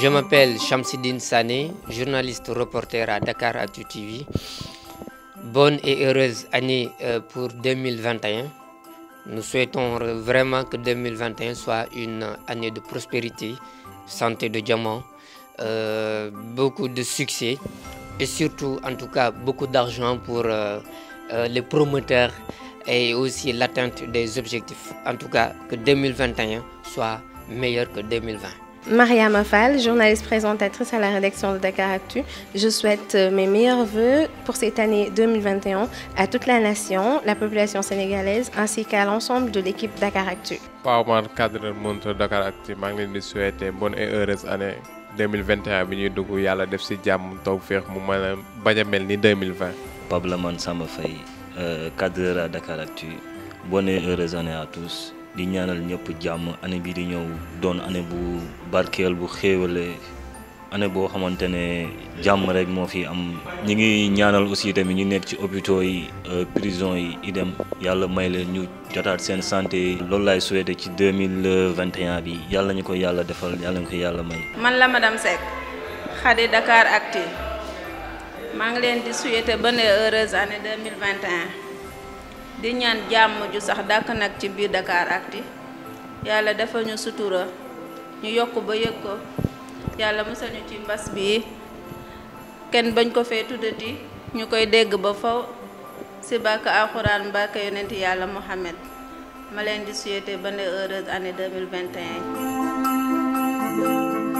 Je m'appelle Shamsidine Sané, journaliste reporter à Dakar Actu TV. Bonne et heureuse année euh, pour 2021. Nous souhaitons vraiment que 2021 soit une année de prospérité, santé de diamants euh, beaucoup de succès et surtout en tout cas beaucoup d'argent pour euh, euh, les promoteurs et aussi l'atteinte des objectifs. En tout cas que 2021 soit meilleur que 2020. Maria Mafal, journaliste présentatrice à la rédaction de Dakaractu. Je souhaite mes meilleurs voeux pour cette année 2021 à toute la nation, la population sénégalaise ainsi qu'à l'ensemble de l'équipe Dakar Actu. le cadre Dakar Dakaractu, je souhaite une bonne et heureuse année. 2021 bi ñuy dugg yàlla def si jàmm taw féex mu mën a bañ a mel ni 2020. Pape Lamane Samba Faye euh, cadreur à Actu bonne et heureuse année à tous di ñaanal ñëpp jàmm année bii di ñëw doon année bu barkeel bu xéewale année boo xamante ne jàmm rek moo fi am ñi ngi ñaanal aussi tamit ñu nekk ci hôpitaux yi euh, prison yi idem yàlla may leen ñu jotaat seen santé loolu laay souhaité ci 2021 bi yàlla ñu ko yàlla defal yàlla ñu ko yàlla may man la madame Seck Khady Dakaractu maa ngi leen di souhaité bonne et heureuse année di ñaan jàmm ju sax dàkk nag ci biir Dakaractu yàlla defal ñu sutura ñu yokk ba yëg ko yàlla musal ñu ci mbas bi kenn bañ ko fee tuddati ñu koy dégg ba faw si bàkk alxuraan mbàkk yonent yàlla Muhammad ma leen di souhaiter bonne heureuse année 2021